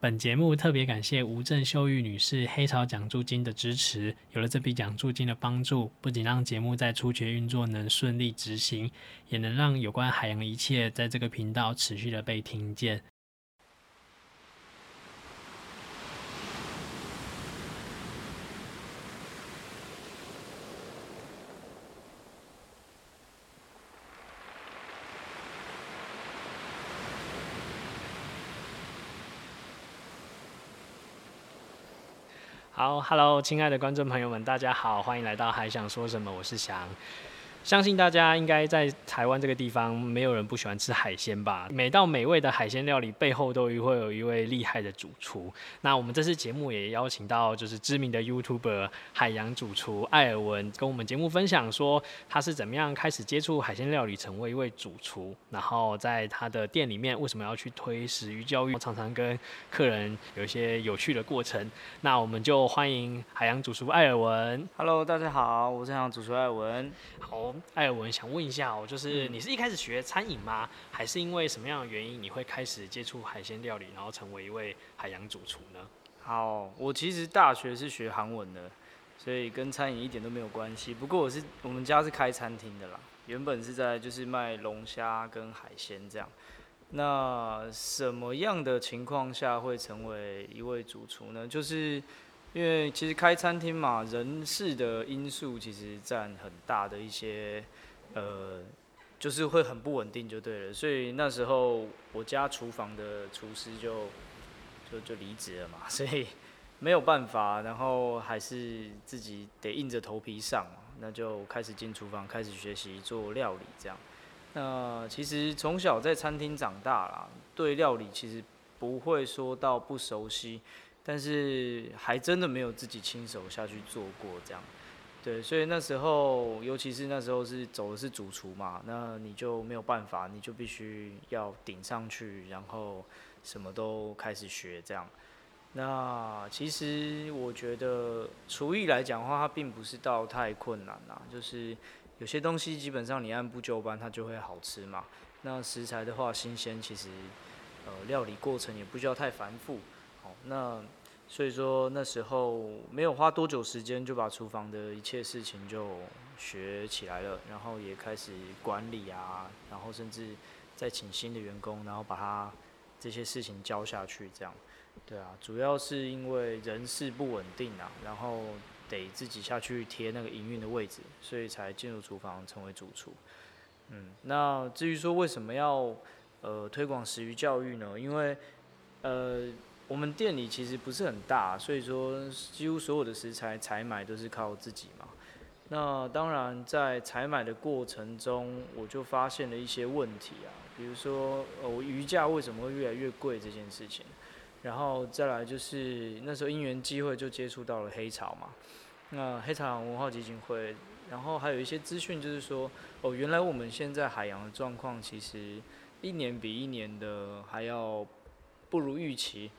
本節目特別感謝吳正秀玉女士黑潮獎助金的支持。有了這筆獎助金的幫助，不僅讓節目在初學運作能順利執行，也能讓有關海洋的一切在這個頻道持續的被聽見。Hello，親愛的觀眾朋友們，大家好，歡迎來到《還想說什麼》，我是翔。相信大家應該在台灣這個地方，沒有人不喜歡吃海鮮吧？每道美味的海鮮料理背後，都會有一位厲害的主廚。那我們這次節目也邀請到，就是知名的 YouTuber 海洋主廚艾爾文，跟我們節目分享說，他是怎麼樣開始接觸海鮮料理，成為一位主廚，然後在他的店裡面，為什麼要去推食魚教育，常常跟客人有一些有趣的過程。那我們就歡迎海洋主廚艾爾文。Hello，大家好，我是海洋主廚艾爾文。好。艾爾文想問一下，哦，就是你是一開始學餐飲嗎？嗯？還是因為什麼樣的原因你會開始接觸海鮮料理，然後成為一位海洋主廚呢？好，我其實大學是學韓文的，所以跟餐飲一點都沒有關係。不過我是我們家是開餐廳的啦，原本是在就是賣龍蝦跟海鮮這樣。那什麼樣的情況下會成為一位主廚呢？就是。因為其實開餐廳嘛，人事的因素其實占很大的一些，呃，就是會很不穩定就對了。所以那時候我家廚房的廚師就就就離職了嘛，所以沒有辦法，然後還是自己得硬着頭皮上，那就開始進廚房，開始學習做料理這樣。那，呃，其實從小在餐廳長大啦，對料理其實不會說到不熟悉。但是還真的沒有自己親手下去做過這樣，對，所以那時候，尤其是那時候是走的是主廚嘛，那你就沒有辦法，你就必須要頂上去，然後什麼都開始學這樣。那其實我覺得廚藝來講的話，它並不是到太困難啦，就是有些東西基本上你按部就班，它就會好吃嘛。那食材的話，新鮮，其實呃，料理過程也不需要太繁複，好，那。所以說那時候沒有花多久時間就把廚房的一切事情就學起來了，然後也開始管理啊，然後甚至再請新的員工，然後把他這些事情教下去，這樣，對啊，主要是因為人事不穩定啊，然後得自己下去貼那個營運的位置，所以才進入廚房成為主廚。嗯，那至於說為什麼要呃推廣食魚教育呢？因為呃。我們店裡其實不是很大，所以說幾乎所有的食材採買都是靠自己嘛。那當然，在採買的過程中，我就發現了一些問題啊，比如說，哦，魚價為什麼會越來越貴這件事情。然後再來就是那時候因緣際會就接觸到了黑潮嘛，那黑潮文化基金會，然後還有一些資訊就是說，哦，原來我們現在海洋的狀況其實一年比一年的還要不如預期。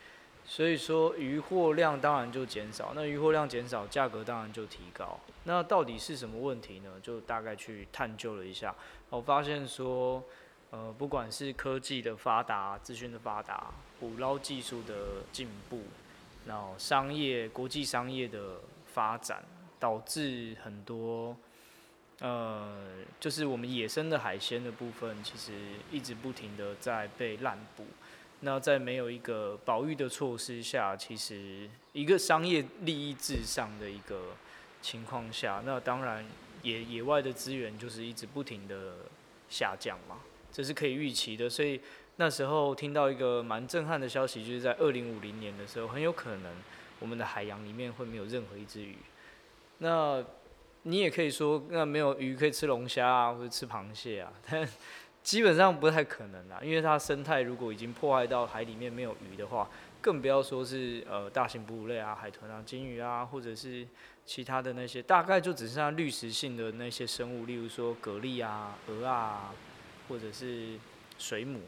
所以說，漁獲量當然就減少。那漁獲量減少，價格當然就提高。那到底是什麼問題呢？就大概去探究了一下，我發現說，呃，不管是科技的發達、資訊的發達、捕撈技術的進步，然後商業、國際商業的發展，導致很多，呃，就是我們野生的海鮮的部分，其實一直不停的在被濫捕。那在沒有一個保育的措施下，其實一個商業利益至上的一個情況下，那當然野野外的資源就是一直不停的下降嘛，這是可以預期的。所以那時候聽到一個蠻震撼的消息，就是在二零五零年的時候，很有可能我們的海洋裡面會沒有任何一隻魚。那你也可以說，那沒有魚可以吃龍蝦啊，或者吃螃蟹啊，但。基本上不太可能啦，因為它的生態如果已經破壞到海裡面沒有魚的話，更不要說是呃大型哺乳類啊、海豚啊、鯨魚啊，或者是其他的那些，大概就只剩下濾食性的那些生物，例如說蛤蜊啊、蚵啊，或者是水母。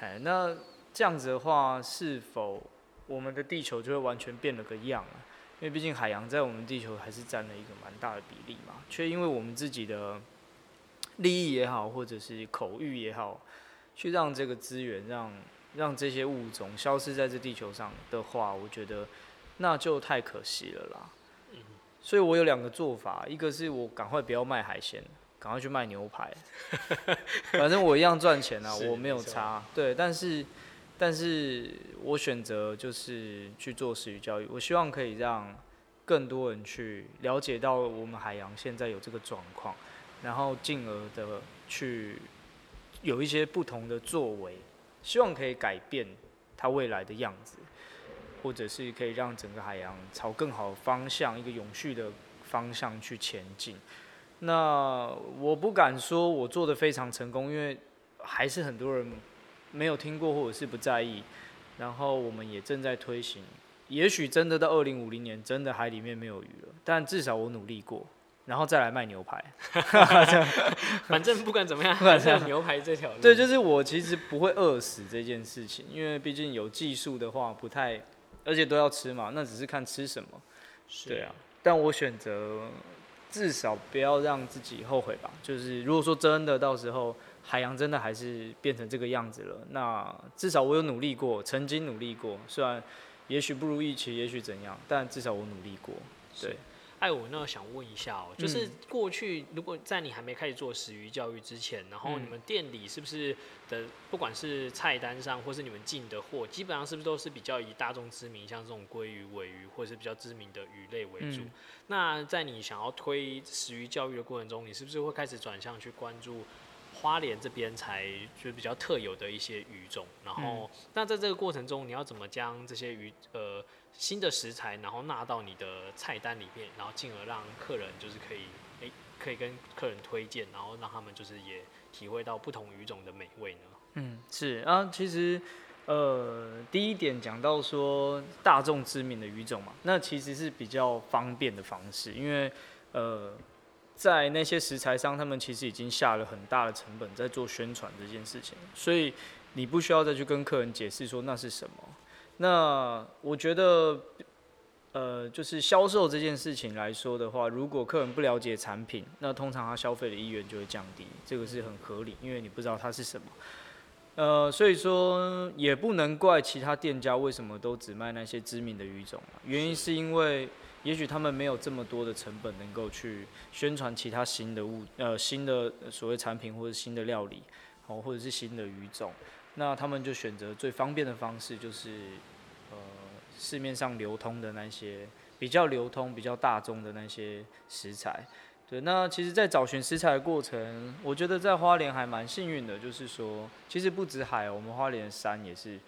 哎，那這樣子的話，是否我們的地球就會完全變了個樣啊？因為畢竟海洋在我們地球還是佔了一個蠻大的比例嘛，卻因為我們自己的。利益也好，或者是口慾也好，去讓這個資源讓，讓讓這些物種消失在這地球上的話，我覺得那就太可惜了啦。嗯、所以我有兩個做法，一個是我趕快不要賣海鮮，趕快去賣牛排， 反正我一樣賺錢啊， 我沒有差。對，對，但是但是我選擇就是去做食魚教育，我希望可以讓更多人去了解到我們海洋現在有這個狀況。然後進而的去有一些不同的作為，希望可以改變它未來的樣子，或者是可以讓整個海洋朝更好的方向、一個永續的方向去前進。那我不敢說我做的非常成功，因為還是很多人沒有聽過或者是不在意。然後我們也正在推行，也許真的到二零五零年，真的海裡面沒有魚了，但至少我努力過。然後再來賣牛排， 反正不管怎麼樣，不管像牛排這條路， 對，就是我其實不會餓死這件事情，因為畢竟有技術的話不太，而且都要吃嘛，那只是看吃什麼，是、啊，對啊。但我選擇至少不要讓自己後悔吧。就是如果說真的到時候海洋真的還是變成這個樣子了，那至少我有努力過，曾經努力過，雖然也許不如預期，也許怎樣，但至少我努力過，對。哎呦，我那想問一下哦、喔嗯，就是過去如果在你還沒開始做食魚教育之前，然後你們店裡是不是的，嗯、不管是菜單上，或是你們進的貨，基本上是不是都是比較以大眾知名，像這種鮭魚、鮪魚，或是比較知名的魚類為主、嗯？那在你想要推食魚教育的過程中，你是不是會開始轉向去關注？花蓮這邊才就是比較特有的一些魚種，然後、嗯、那在這個過程中，你要怎麼將這些魚呃新的食材，然後納到你的菜單裡面，然後進而讓客人就是可以、欸、可以跟客人推薦，然後讓他們就是也體會到不同魚種的美味呢？嗯，是啊，其實呃第一點講到說大眾知名的魚種嘛，那其實是比較方便的方式，因為呃。在那些食材商，他們其實已經下了很大的成本在做宣傳這件事情，所以你不需要再去跟客人解釋說那是什麼。那我覺得，呃，就是銷售這件事情來說的話，如果客人不了解產品，那通常他消費的意願就會降低，這個是很合理，因為你不知道它是什麼。呃，所以說也不能怪其他店家為什麼都只賣那些知名的魚種，原因是因為。也許他們沒有這麼多的成本能夠去宣傳其他新的物品，呃，新的所謂產品或者新的料理，哦，或者是新的魚種，那他們就選擇最方便的方式，就是，呃，市面上流通的那些比較流通、比較大眾的那些食材。對，那其實，在找尋食材的過程，我覺得在花蓮還蠻幸運的，就是說，其實不止海，我們花蓮的山也是。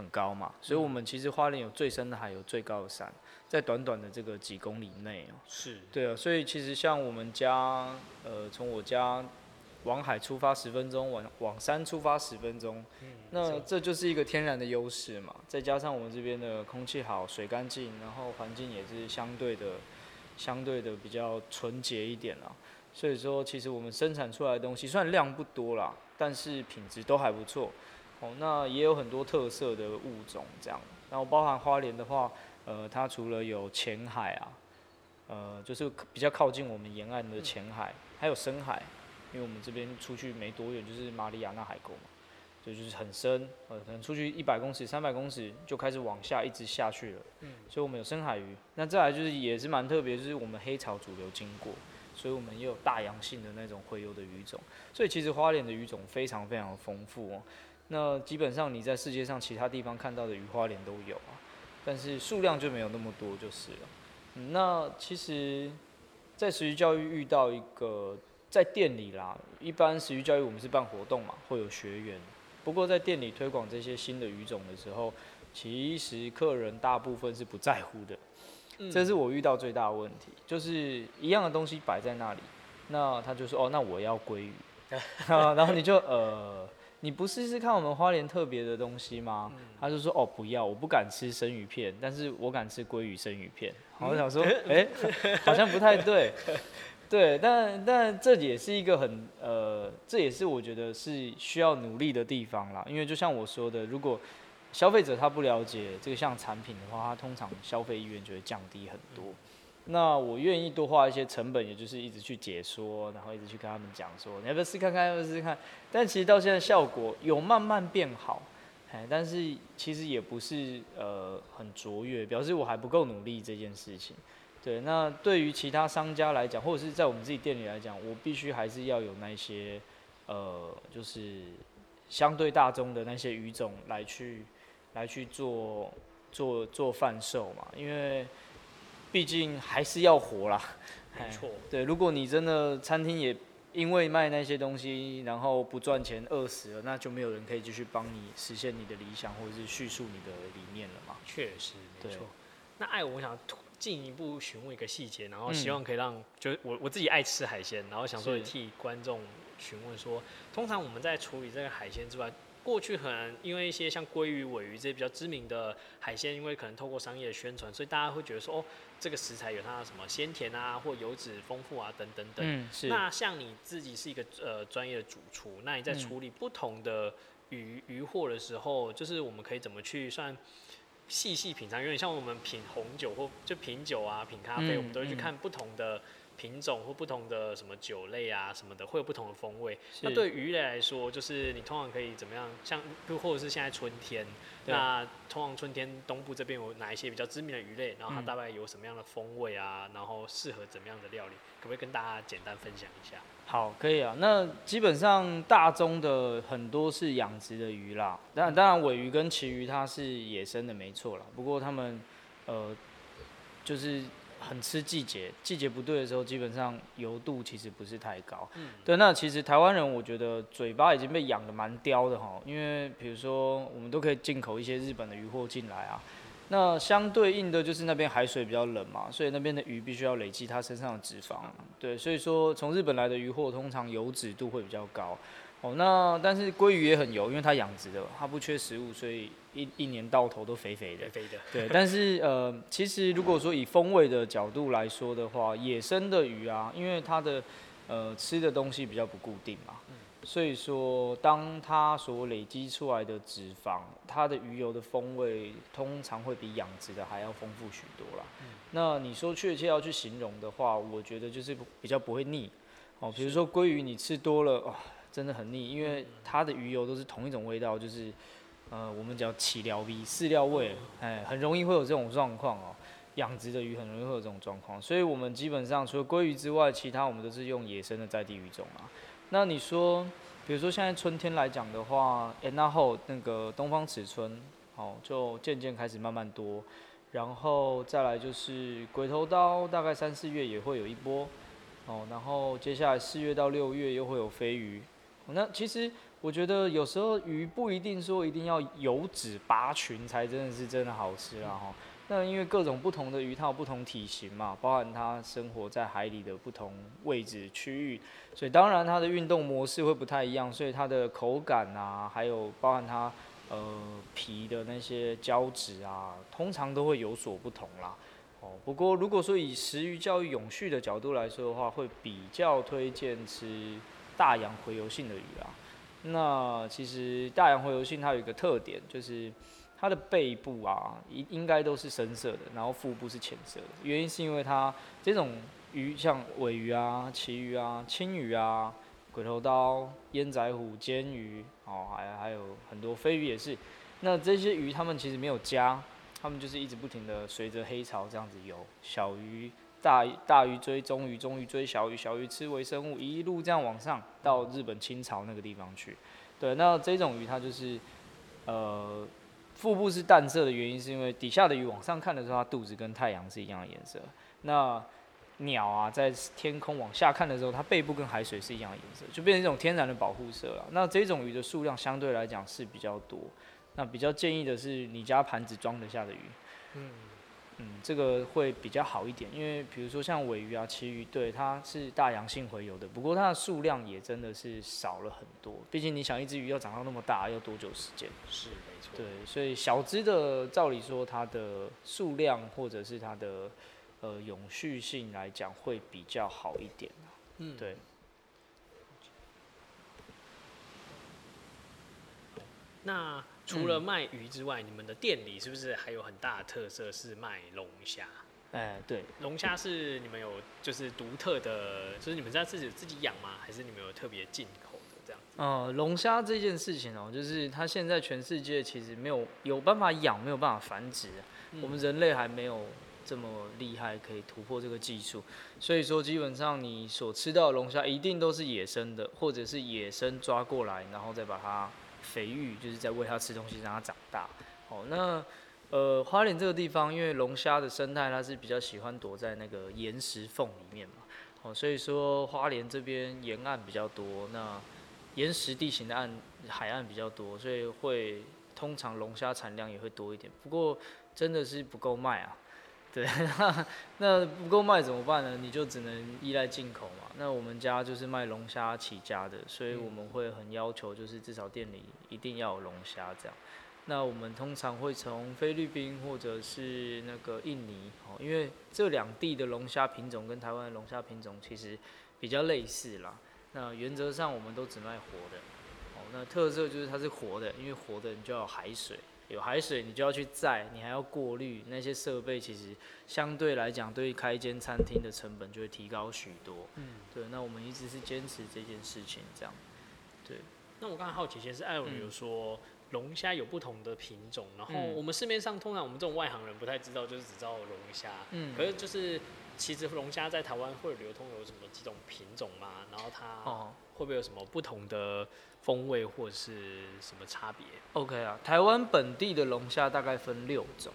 很高嘛，所以我們其實花蓮有最深的海，有最高的山，在短短的這個幾公里內哦。是。對啊，所以其實像我們家，呃，從我家往海出發十分鐘，往往山出發十分鐘，那這就是一個天然的優勢嘛。再加上我們這邊的空氣好，水乾淨，然後環境也是相對的、相對的比較純潔一點啊。所以說，其實我們生產出來的東西，雖然量不多啦，但是品質都還不錯。哦，那也有很多特色的物種這樣。然後包含花蓮的話，呃，它除了有淺海啊，呃，就是比較靠近我們沿岸的淺海，嗯，還有深海，因為我們這邊出去沒多遠就是馬里亞納海溝嘛，所以就是很深，呃，可能出去一百公尺、三百公尺就開始往下一直下去了。嗯，所以我們有深海魚。那再來就是也是蠻特別，就是我們黑潮主流經過，所以我們也有大洋性的那種洄游的魚種。所以其實花蓮的魚種非常非常的豐富哦。那基本上你在世界上其他地方看到的魚，花蓮都有啊，但是數量就沒有那麼多就是了。嗯、那其實，在食魚教育遇到一個在店裡啦，一般食魚教育我們是辦活動嘛，會有學員。不過在店裡推廣這些新的魚種的時候，其實客人大部分是不在乎的，嗯、這是我遇到最大的問題，就是一樣的東西擺在那裡，那他就說哦，那我要鮭魚、 啊，然後你就呃。你不試試看我們花蓮特別的東西嗎？他就說哦，不要，我不敢吃生魚片，但是我敢吃鮭魚生魚片。我想說，欸，好像不太對，對，但但這也是一個很呃，這也是我覺得是需要努力的地方啦。因為就像我說的，如果消費者他不了解這個像產品的話，他通常消費意願就會降低很多。那我願意多花一些成本，也就是一直去解說，然後一直去跟他們講說，你要不要試看看，要不要試試看。但其實到現在效果有慢慢變好，哎，但是其實也不是呃很卓越，表示我還不夠努力這件事情。對，那對於其他商家來講，或者是在我們自己店裡來講，我必須還是要有那些呃，就是相對大眾的那些魚種來去來去做做做販售嘛，因為。畢竟還是要活啦，沒錯、哎。對，如果你真的餐廳也因為賣那些東西，然後不賺錢餓死了，那就沒有人可以繼續幫你實現你的理想，或者是敘述你的理念了嘛。確實，沒錯。那愛，我想進一步詢問一個細節，然後希望可以讓，嗯、就是我我自己愛吃海鮮，然後想說替觀眾詢問說，通常我們在處理這個海鮮之外。過去可能因為一些像鮭魚、鮪魚這些比較知名的海鮮，因為可能透過商業的宣傳，所以大家會覺得說，哦，這個食材有它的什麼鮮甜啊，或油脂豐富啊，等等等、嗯。那像你自己是一個呃專業的主廚，那你在處理不同的魚、嗯、魚貨的時候，就是我們可以怎麼去算細細品嘗？因為像我們品紅酒或就品酒啊、品咖啡，嗯、我們都會去看不同的。品種或不同的什麼酒類啊什麼的，會有不同的風味。那對於魚類來說，就是你通常可以怎麼樣？像，又或者是現在春天，那通常春天東部這邊有哪一些比較知名的魚類？然後它大概有什麼樣的風味啊？嗯、然後適合怎麼樣的料理？可不可以跟大家簡單分享一下？好，可以啊。那基本上大宗的很多是養殖的魚啦。然當然鮪魚跟旗魚它是野生的沒錯了。不過他們，呃，就是。很吃季節，季節不對的時候，基本上油度其實不是太高。嗯，對。那其實台灣人，我覺得嘴巴已經被養得蠻刁的哈，因為比如說我們都可以進口一些日本的魚貨進來啊，那相對應的就是那邊海水比較冷嘛，所以那邊的魚必須要累積它身上的脂肪。對，所以說從日本來的魚貨，通常油脂度會比較高。哦，那但是鮭魚也很油，因為它養殖的，它不缺食物，所以一一年到頭都肥肥的。肥肥的，對。但是呃，其實如果說以風味的角度來說的話，嗯、野生的魚啊，因為它的呃吃的東西比較不固定嘛，嗯、所以說當它所累積出來的脂肪，它的魚油的風味通常會比養殖的還要豐富許多啦、嗯。那你說確切要去形容的話，我覺得就是比較不會膩。哦，比如說鮭魚，你吃多了、嗯、哦。真的很膩，因為它的魚油都是同一種味道，就是，呃，我們叫起療味、飼料味，哎、欸，很容易會有這種狀況哦。養殖的魚很容易會有這種狀況，所以我們基本上除了鮭魚之外，其他我們都是用野生的在地魚種啊。那你說，比如說現在春天來講的話，哎，那後那個東方齒鰆，哦、喔，就漸漸開始慢慢多，然後再來就是鬼頭刀，大概三四月也會有一波，哦、喔，然後接下來四月到六月又會有飛魚。那其實我覺得有時候魚不一定說一定要油脂拔群才真的是真的好吃啦哈。那因為各種不同的魚，它有不同體型嘛，包含它生活在海裡的不同位置區域，所以當然它的運動模式會不太一樣，所以它的口感啊，還有包含它呃皮的那些膠質啊，通常都會有所不同啦。哦，不過如果說以食魚教育永續的角度來說的話，會比較推薦吃。大洋洄游性的魚啊，那其實大洋洄游性它有一個特點，就是它的背部啊應應該都是深色的，然後腹部是淺色的。原因是因為它這種魚，像鮪魚啊、旗魚啊、青魚啊、鬼頭刀、煙仔虎、鰹魚哦，還還有很多飛魚也是。那這些魚它們其實沒有家，它們就是一直不停的隨着黑潮這樣子游。小魚。大魚大魚追中魚，中魚追小魚，小魚吃微生物，一路這樣往上到日本清朝那個地方去。對，那這種魚它就是，呃，腹部是淡色的原因是因為底下的魚往上看的時候，它肚子跟太陽是一樣的顏色。那鳥啊在天空往下看的時候，它背部跟海水是一樣的顏色，就變成一種天然的保護色了。那這種魚的數量相對來講是比較多。那比較建議的是你家盤子裝得下的魚，嗯。嗯，這個會比較好一點，因為比如說像鮪魚啊、旗魚，對，它是大洋性洄游的，不過它的數量也真的是少了很多。畢竟你想，一隻魚要長到那麼大，要多久時間？是，沒錯。對，所以小隻的，照理說它的數量或者是它的呃永續性來講，會比較好一點。嗯，對。那除了賣魚之外，嗯，你們的店裡是不是還有很大的特色是賣龍蝦？哎，欸，對，龍蝦是你們有就是獨特的，就是你們家自己自己養嗎？還是你們有特別進口的這樣子？呃，龍蝦這件事情哦，喔，就是它現在全世界其實沒有有辦法養，沒有辦法繁殖，嗯，我們人類還沒有這麼厲害可以突破這個技術，所以說基本上你所吃到的龍蝦一定都是野生的，或者是野生抓過來，然後再把它。肥育就是在餵它吃東西，讓它長大。好，那呃，花蓮這個地方，因為龍蝦的生態，它是比較喜歡躲在那個岩石縫裡面嘛。好，所以說花蓮這邊岩岸比較多，那岩石地形的岸海岸比較多，所以會通常龍蝦產量也會多一點。不過真的是不夠賣啊。對，那，那不夠賣怎麼辦呢？你就只能依賴進口嘛。那我們家就是賣龍蝦起家的，所以我們會很要求，就是至少店裡一定要有龍蝦這樣。那我們通常會從菲律賓或者是那個印尼，因為這兩地的龍蝦品種跟台灣的龍蝦品種其實比較類似啦。那原則上我們都只賣活的，哦，那特色就是它是活的，因為活的你就要有海水。有海水，你就要去載，你還要過濾那些設備，其實相對來講，對於開一間餐廳的成本就會提高許多。嗯，對。那我們一直是堅持這件事情，這樣。對。那我剛才好奇些是，艾文有說龍蝦、嗯、有不同的品種，然後我們市面上通常我們這種外行人不太知道，就是只知道龍蝦。嗯。可是就是。其實龍蝦在台灣會流通有什麼幾種品種嗎？然後它會不會有什麼不同的風味或是什麼差別？OK 啊，台灣本地的龍蝦大概分六種。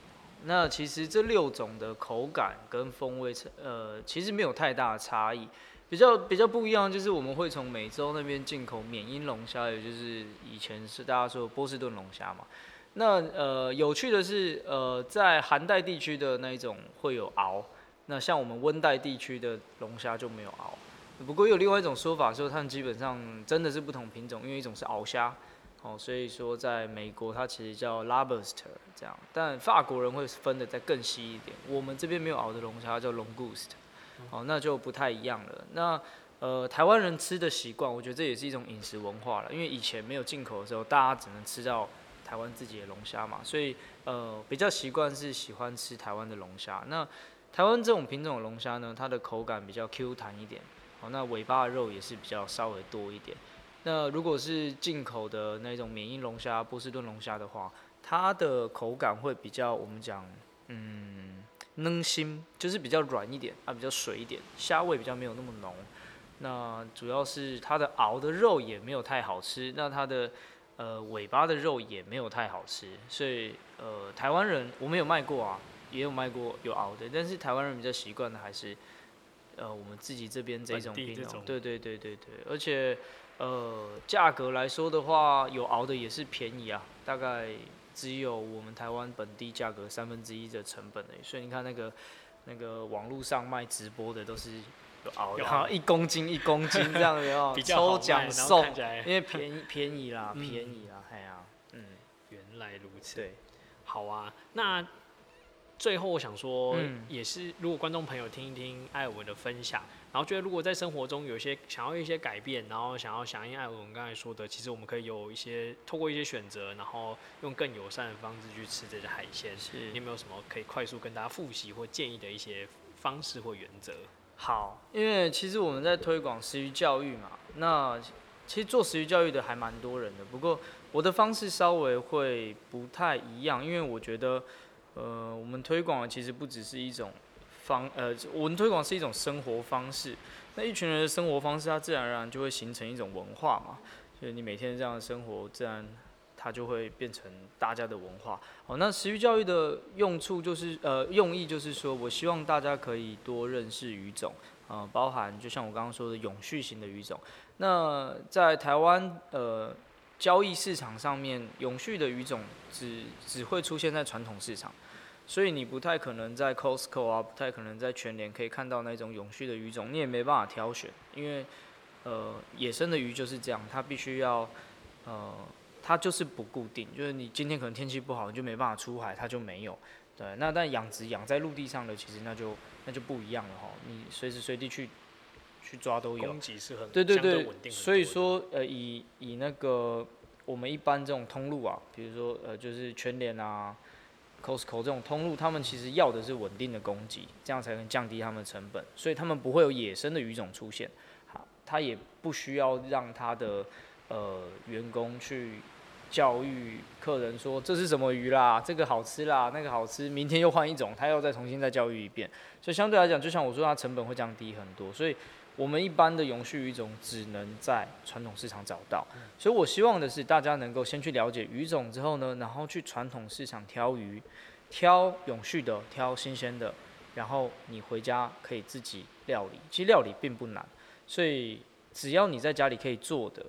那其實這六種的口感跟風味呃，其實沒有太大的差異。比較比較不一樣就是我們會從美洲那邊進口緬因龍蝦，也就是以前是大家說的波士頓龍蝦嘛。那呃，有趣的是呃，在寒帶地區的那一種會有螯。那像我們溫帶地區的龍蝦就沒有螯。不過有另外一種說法說，它們基本上真的是不同品種，因為一種是螯蝦，哦，所以說在美國它其實叫 lobster 這樣，但法國人會分得再更細一點，我們這邊沒有螯的龍蝦叫 langouste，哦，那就不太一樣了。那呃，台灣人吃的習慣，我覺得這也是一種飲食文化了，因為以前沒有進口的時候，大家只能吃到台灣自己的龍蝦嘛，所以呃比較習慣是喜歡吃台灣的龍蝦。那台灣這種品種的龍蝦呢，它的口感比較 Q 彈一點，那尾巴的肉也是比較稍微多一點。那如果是進口的那種免疫龍蝦、波士頓龍蝦的話，它的口感會比較我們講，嗯，能心，就是比較軟一點啊，比較水一點，蝦味比較沒有那麼濃。那主要是它的螯的肉也沒有太好吃，那它的呃尾巴的肉也沒有太好吃，所以呃，台灣人我沒有賣過啊。也有賣過有熬的，但是台灣人比較習慣的還是，呃，我們自己這邊這一種品種，本地這種，對對對對對，而且，呃，價格來說的話，有熬的也是便宜啊，大概只有我們台灣本地價格三分之一的成本，所以你看那個那個網絡上賣直播的都是有熬的，熬的，然後一公斤一公斤這樣的哦， 抽獎送，因為便宜便宜啦，便宜啦，哎、嗯、啊，嗯，原來如此，對，好啊，那。最後我想說，也是如果觀眾朋友聽一聽愛爾文的分享，然後覺得如果在生活中有些想要一些改變，然後想要響應愛爾文剛才說的，其實我們可以有一些透過一些選擇，然後用更友善的方式去吃這些海鮮、嗯。是，你有沒有什麼可以快速跟大家複習或建議的一些方式或原則？好，因為其實我們在推廣食育教育嘛，那其實做食育教育的還蠻多人的，不過我的方式稍微會不太一樣，因為我覺得。呃，我們推廣其實不只是一種方，呃，我們推廣是一種生活方式。那一群人的生活方式，它自然而然就會形成一種文化嘛。所以你每天這樣的生活，自然它就會變成大家的文化。好，那食魚教育的用處就是，呃，用意就是說，我希望大家可以多認識魚種，呃，包含就像我剛剛說的永續型的魚種。那在台灣，呃。交易市場上面永續的魚種只只會出現在傳統市場，所以你不太可能在 Costco 啊，不太可能在全聯可以看到那種永續的魚種，你也沒辦法挑選，因為，呃，野生的魚就是這樣，它必須要，呃，它就是不固定，就是你今天可能天氣不好，你就沒辦法出海，它就沒有。對，那但養殖養在陸地上的，其實那就那就不一樣了哈，你隨時隨地去。去抓都有，對對對，所以說呃以以那個我們一般這種通路啊，比如說呃就是全聯啊，Costco 這種通路，他們其實要的是穩定的供給，這樣才能降低他們的成本，所以他們不會有野生的魚種出現，他也不需要讓他的呃員工去教育客人說這是什麼魚啦，這個好吃啦，那個好吃，明天又換一種，他要再重新再教育一遍，所以相對來講，就像我說他成本會降低很多，所以。我們一般的永續魚種只能在傳統市場找到，所以我希望的是大家能夠先去了解魚種之後呢，然後去傳統市場挑魚，挑永續的，挑新鮮的，然後你回家可以自己料理。其實料理並不難，所以只要你在家裡可以做的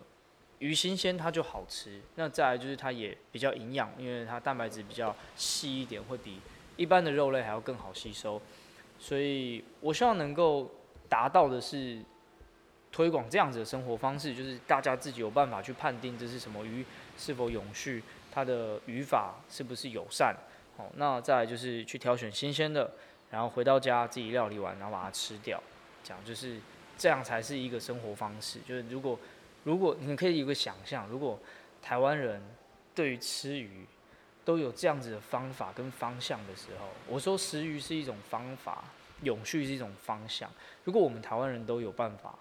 魚新鮮，它就好吃。那再來就是它也比較營養，因為它蛋白質比較細一點，會比一般的肉類還要更好吸收。所以我希望能夠。達到的是推廣這樣子的生活方式，就是大家自己有辦法去判定這是什麼魚，是否永續，它的漁法是不是友善，哦，那再來就是去挑選新鮮的，然後回到家自己料理完，然後把它吃掉，這樣就是這樣才是一個生活方式。就是如果如果你可以有一個想象如果台灣人對於吃魚都有這樣子的方法跟方向的時候，我說食魚是一種方法，永續是一種方向。如果我們台灣人都有辦法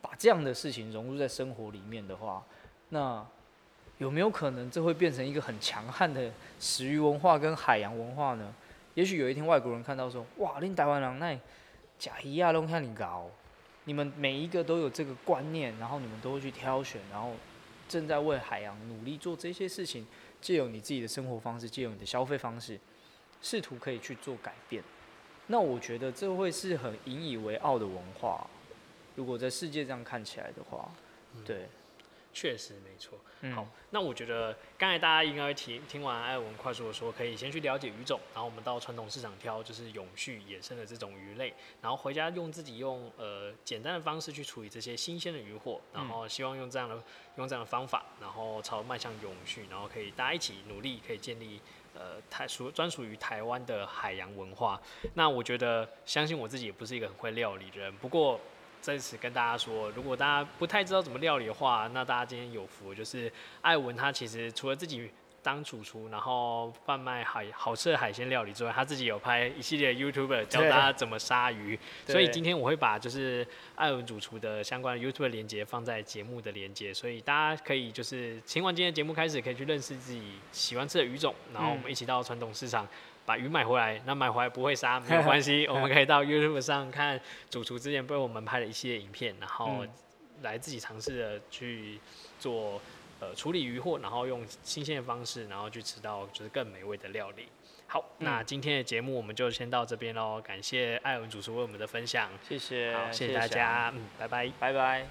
把這樣的事情融入在生活裡面的話，那有沒有可能這會變成一個很強悍的食魚文化跟海洋文化呢？也許有一天外國人看到說：“哇，恁台灣人那假一亞龍看你搞，你們每一個都有這個觀念，然後你們都會去挑選，然後正在為海洋努力做這些事情，借由你自己的生活方式，借由你的消費方式，試圖可以去做改變。”那我覺得這會是很引以為傲的文化，如果在世界上看起來的話，對，嗯，確實沒錯，嗯。好，那我覺得剛才大家應該聽聽完艾文快速的說，可以先去了解魚種，然後我們到傳統市場挑就是永續野生的這種魚類，然後回家用自己用呃簡單的方式去處理這些新鮮的漁獲，然後希望用這樣的用這樣的方法，然後朝邁向永續，然後可以大家一起努力，可以建立。呃，台屬專屬於台灣的海洋文化。那我覺得，相信我自己也不是一個很會料理的人。不過在此跟大家說，如果大家不太知道怎麼料理的話，那大家今天有福，就是愛爾文他其實除了自己。當主廚，然後販賣海好吃的海鮮料理之外，他自己有拍一系列 YouTuber 教大家怎麼殺魚，所以今天我會把就是愛爾文主廚的相關 YouTube 鏈接放在節目的連結，所以大家可以就是聽完今天節目開始，可以去認識自己喜歡吃的魚種，然後我們一起到傳統市場、嗯、把魚買回來，那買回來不會殺沒有關係， 我們可以到 YouTube 上看主廚之前被我們拍的一系列影片，然後來自己嘗試的去做。呃，處理漁獲，然後用新鮮的方式，然後去吃到就是更美味的料理。好，嗯、那今天的節目我們就先到這邊嘍。感謝愛爾文主廚為我們的分享，謝謝，好，謝謝大家謝謝，嗯，拜拜，拜拜。